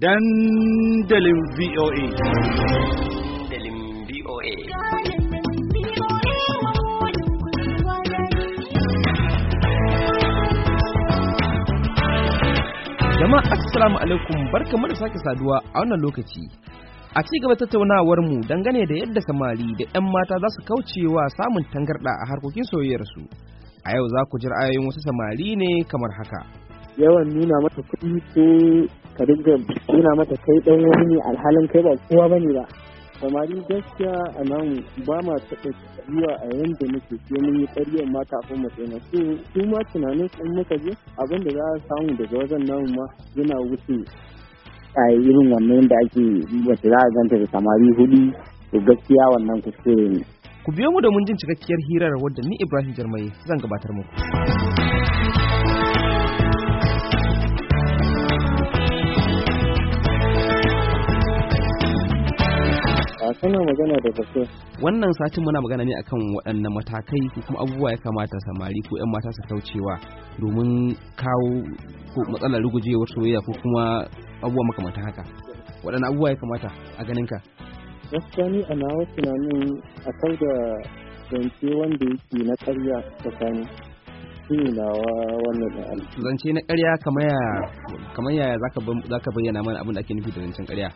dandalin VOA. Dandalin VOA. Jama'a assalamu alaikum barkamu da sake saduwa a wannan lokaci. A ci gaba tattaunawar mu dangane da yadda samari da 'yan mata za su kauce wa samun tangarɗa a harkokin soyayyarsu. A yau za ku ji ra'ayoyin wasu samari ne kamar haka. Yawan nuna mata kuɗi ko ka dinga nuna mata kai dan wani ne alhalin kai ba kowa bane ba samari gaskiya a nan ba ma taɓa zuwa a yanda muke ke mun yi ƙaryar ma kafin mu tsena su su ma tunanin sun muka je abin da za a samu daga wajen nan ma yana wuce a irin wannan da ake wata za a ganta da samari hudu to gaskiya wannan kuskure ne. Ku biyo mu da mun jin cikakkiyar hirar wadda ni Ibrahim Jarmai zan gabatar muku. muna magana da basu. Wannan satin muna magana ne akan waɗannan matakai ko kuma abubuwa ya kamata samari ko 'yan mata su kaucewa domin kawo ko matsalar rugujewar soyayya ko kuma abubuwa makamantan haka. Waɗannan abubuwa ya kamata a ganin ka. Gaskiya ni a nawa tunanin a kai da zance wanda yake na karya tsakani. Zance na karya kamar yaya za ka bayyana mana abin da ake nufi da zancen karya.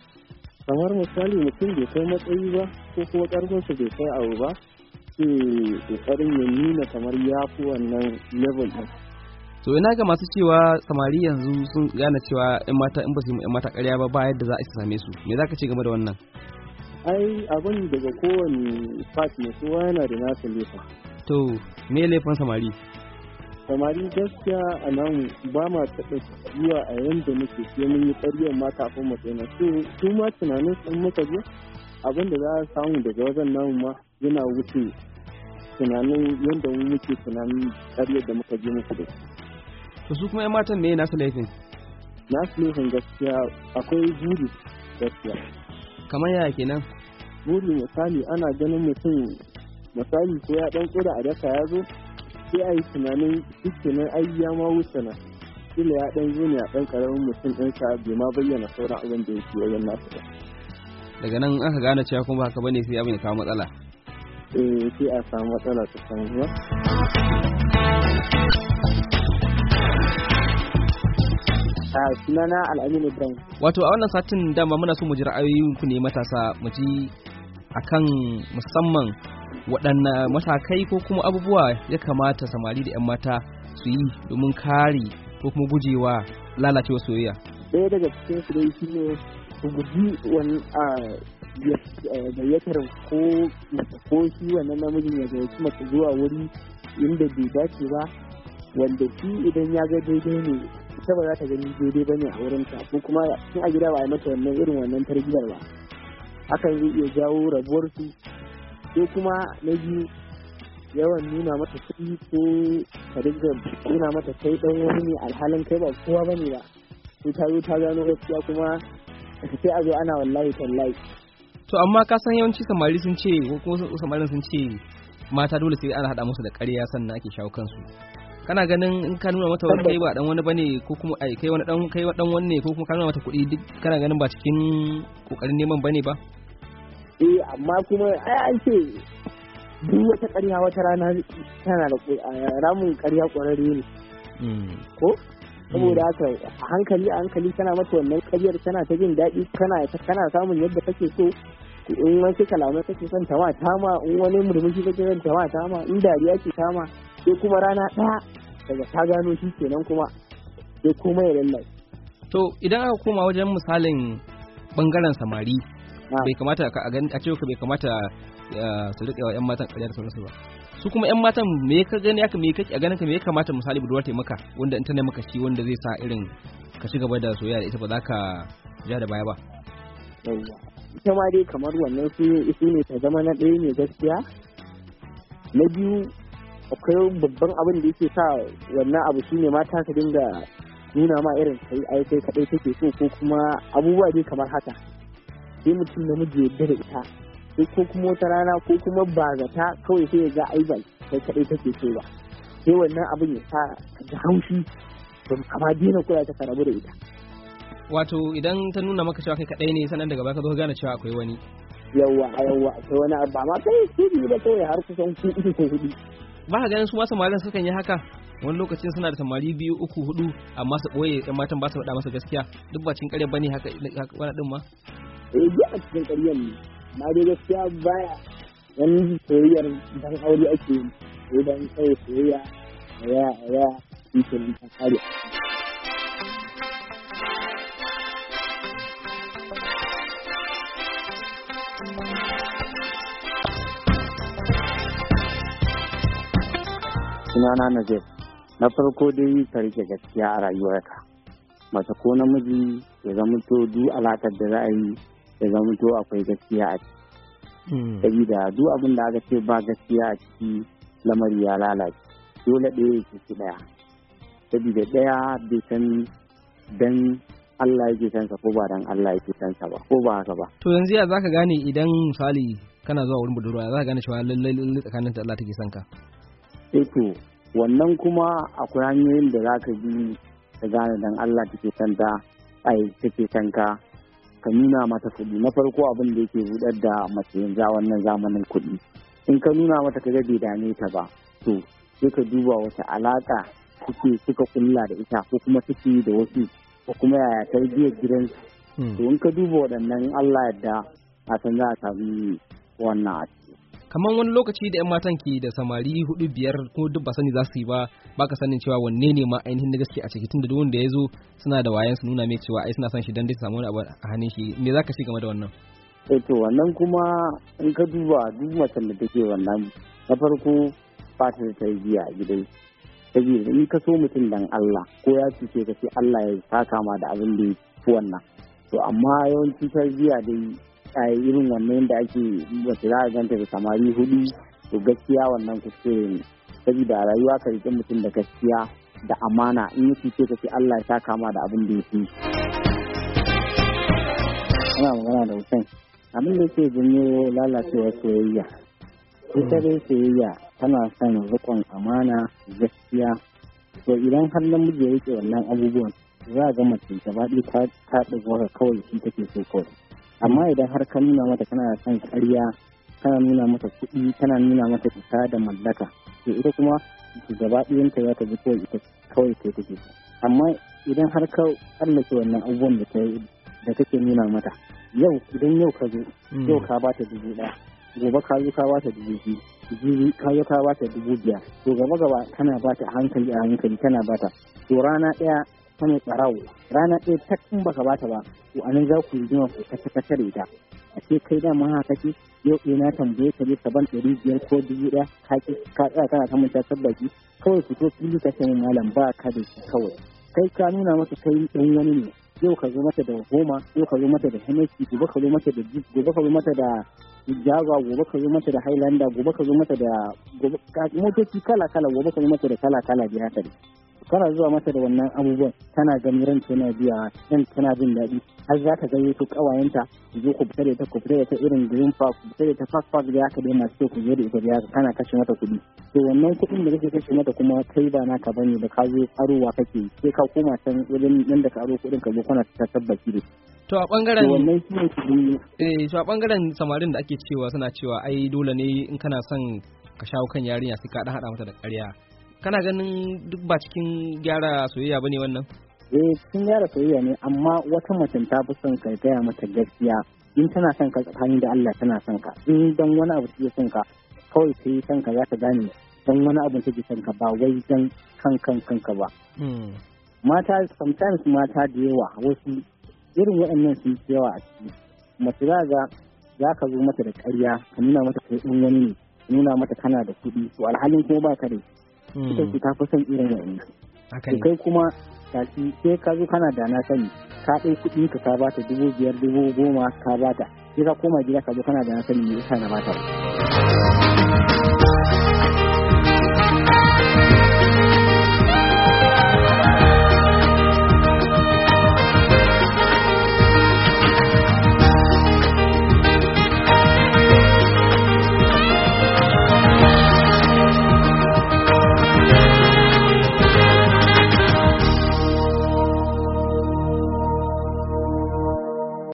kamar misali mutum bai kai matsayi ba ko kuma ƙarfinsa bai kai abu ba ke kokarin ya nuna kamar ya fi wannan level ɗin. to ina ga masu cewa samari yanzu sun gane cewa yan mata in ba su yi yan mata karya ba ba yadda za a same su me za ka ce game da wannan ai abin daga kowane fat ne kowa yana da nasa lefa to me laifin samari samari gaskiya a nan ba ma taɓa zuwa a yanda muke sai mun yi ƙaryar ma kafin mu daina so su ma tunanin sun muka je abin da za a samu daga wajen namu ma yana wuce tunanin yadda mu muke tunanin ƙaryar da muka je muku da to su kuma 'yan matan me nasu laifin nasu laifin gaskiya akwai juri gaskiya kamar yaya kenan juri misali ana ganin mutum misali ko ya ɗan ƙuda a daka ya zo sai a yi tunanin dukkanin ai ya ma wuce na kila ya ɗan zo ne a ɗan ƙaramin mutum sa bai ma bayyana sauran abin da yake wajen nasu ba. daga nan aka gane cewa kuma haka bane sai abin ya kawo matsala eh sai a samu matsala ta samu ba a sunana al'aminu ibrahim wato a wannan satin dama muna so mu ji ra'ayoyinku ne matasa mu ji akan musamman waɗanne matakai ko kuma abubuwa ya kamata samari da 'yan mata su yi domin kare ko kuma gujewa lalacewa soyayya ɗaya daga cikin su dai shi ne su guji wani gayyatar ko ko shi wannan namijin ya gayyaci mace zuwa wuri inda bai dace ba wanda shi idan ya ga daidai ne ita ba za ta gani daidai ba ne a wurin ta ko kuma a gida ba a mata wannan irin wannan tarbiyyar ba hakan zai iya jawo rabuwar su sai kuma na biyu yawan nuna mata kuɗi ko ka dinga nuna mata kai dan wani ne alhalin kai ba kowa ba ne ba sai ta zo ta gano gaskiya kuma sai a zo ana wallahi tallahi to amma ka san yawanci samari sun ce ko kuma samarin sun ce mata dole sai ana haɗa musu da ƙarya sannan ake shawo kansu kana ganin in ka nuna mata wani kai ba dan wani bane ko kuma ai kai wani dan kai dan wani ne ko kuma ka nuna mata kuɗi duk kana ganin ba cikin kokarin neman bane ba eh amma kuma ai an ce duk wata ƙarya wata rana tana da eh, ramin ƙarya ƙwararre ne hmm. ko hmm. saboda haka a hankali a hankali tana mata wannan ƙaryar tana ta jin daɗi kana samun yadda kake so in wasu kalamai kake son ta ma ta ma in wani murmushi kake son ta ma ta ma in dariya ke ta ma sai kuma rana ɗaya daga ta gano shi kenan kuma sai kuma ya lallai. to idan aka koma wajen misalin bangaren samari Ah. bai kamata a gani a cewa bai kamata ah, su riƙe wa yan matan kariyar da sauransu ba su kuma yan matan me ka gani aka me kake a ganin ka me ya kamata misali budurwa ta maka wanda in ta maka shi wanda zai sa irin ka ci gaba da soyayya da ita ba za ka ja da baya ba ita ma dai kamar wannan su ne ta zama na ɗaya ne gaskiya na biyu akwai babban abin da yake sa wannan abu ne mata ka dinga nuna ma irin kai ai kai kadai take so ko kuma abubuwa dai kamar haka sai mutum namiji ya da ita sai ko kuma wata rana ko kuma ba zata kawai sai ya ga aibal ba kai take so ba sai wannan abin ya sa da haushi don kama dina kula ta karabu da ita wato idan ta nuna maka cewa kai kadai ne sanan daga baka ka gane cewa akwai wani yawwa yawwa akwai wani ba ma kai sai ba kawai har kusan kuɗi ko kuɗi ba ka ganin su ma samarin sukan yi haka wani lokacin suna da samari biyu uku hudu amma su boye yan matan ba su faɗa masa gaskiya duk ba cikin ƙarya bane haka wani din ma eh duk a cikin ƙaryar ne na dai gaskiya baya yan soyayyar dan aure ake yi dan kai soyayya ya ya shi ke ƙarya sunana Najib. Na farko dai ka rike gaskiya a rayuwarka. Mace ko namiji ya zama to du alakar da za a yi ya to akwai gaskiya a ciki. Hmm. Sabida du abin da aka ce ba gaskiya a ciki lamari ya lalace. Dole ɗaya ya ciki ɗaya. Sabida ɗaya bai san dan Allah yake sansa ko ba dan Allah yake sansa ba ko ba haka ba. To yanzu ya zaka gane idan misali kana zuwa wurin budurwa za ka gane cewa lallai tsakanin ta Allah take son ka. Eh to wannan kuma akwai hanyoyin da za ka bi ka gane dan Allah take santa ai take sanka ka nuna mata kuɗi na farko abin da yake buɗar da mace yanzu a wannan zamanin kuɗi in ka nuna mata ka bai dame ta ba to sai ka duba wata alaƙa kuke suka kulla da ita ko kuma suke da wasu ko kuma yaya tarbiyyar gidansu hmm. to in ka duba waɗannan Allah yadda a san za a sami wannan kamar wani lokaci da 'yan matan ke da samari hudu biyar ko duk ba sani za su yi ba ba ka sanin cewa wanne ne ma ainihin da gaske a ciki da duk wanda ya zo suna da wayan su nuna mai cewa ai suna son shi dan dai samu wani abu a hannun shi me za ka ci game da wannan eh to wannan kuma in ka duba duk macen da take wannan na farko ba ta da tarbiyya a gidan saboda in ka so mutum dan Allah ko ya cuce ka sai Allah ya saka ma da abin da ya fi wannan to amma yawanci tarbiyya dai A irin wannan da ake wacce za a ganta da samari hudu to gaskiya wannan kuskure ne saboda rayuwa ka riƙe mutum da gaskiya da amana in yi cuce ka ce Allah ya kama da abin da ya fi. Ina magana da Hussein. Abin da yake zunye lalacewa soyayya. Ita dai soyayya tana son riƙon amana gaskiya. To idan har namiji ya riƙe wannan abubuwan za a ga mace gaba ɗaya ta ɗaga kawai shi take so kawai. amma idan har ka nuna mata kana son ƙarya kana nuna mata kuɗi tana nuna mata isa da mallaka to ita kuma gaba ɗayanta za ta bi kawai ita kawai ta take amma idan har ka tsallake wannan abubuwan da da kake nuna mata yau idan yau ka zo hmm. yau ka ba ta dubu ɗaya gobe ka zo ka ba ta dubu biyu ka zo ka ta dubu biyar to gaba gaba ba ta hankali a hankali ba ta to rana ɗaya ta mai tsarawo rana ɗaya ta in baka bata ba to a nan za ku yi jima ku ta kasa da ita a ce kai da ma haka ce yau ɗaya na tambaye ka je saban ɗari biyar ko dubu ɗaya ka ki ka tsaya kana ta manta tabbaki kawai to fili ka ce malam ba ka da shi kawai kai ka nuna masa kai ɗan wani ne yau ka zo mata da goma yau ka zo mata da hennessy gobe ka zo mata da gobe ka zo mata da java gobe ka zo mata da highlander gobe ka zo mata da motoci kala kala gobe ka zo mata da kala kala ta haka tana zuwa mata da wannan abubuwan tana ran tana biya dan tana jin daɗi har za ta gani su kawayenta ku zo ku fita da ku fita da irin green park ku fita da fast park park da aka dai masu kyau ku zo da ita da kana kashe mata kuɗi to wannan kuɗin da kake kashe mata kuma kai ba naka bane da ka zo arowa kake sai ka koma san wajen nan da ka aro kuɗin ka zo kana ta tabbaci da To a bangaren eh to a bangaren samarin da ake cewa suna cewa ai dole ne in kana son ka shawo kan yarinya sai ka hada mata da ƙarya kana ganin duk ba cikin gyara soyayya bane wannan eh cikin gyara soyayya ne amma wata mutum ta fi son ka gaya mata gaskiya in tana son ka tsakanin da Allah tana son ka in dan wani abu take son ka kawai ta yi son ka za ta gane dan wani abu take son ka ba wai dan kan kan kanka ba hmm. mata sometimes mata da yawa wasu irin waɗannan sun fi yawa a ciki mace za ga za ka zo mata da karya ka nuna mata kai ɗan wani ne nuna mata kana da kuɗi to alhalin kuma ba ka da shi ita hmm. ce ta fi son irin wa'annan to kai kuma tashi sai ka zo kana da na sani ka ɗai kuɗi ka ka bata dubu biyar dubu goma ka bata sai ka koma gida ka zo kana da na sani me yasa na bata ba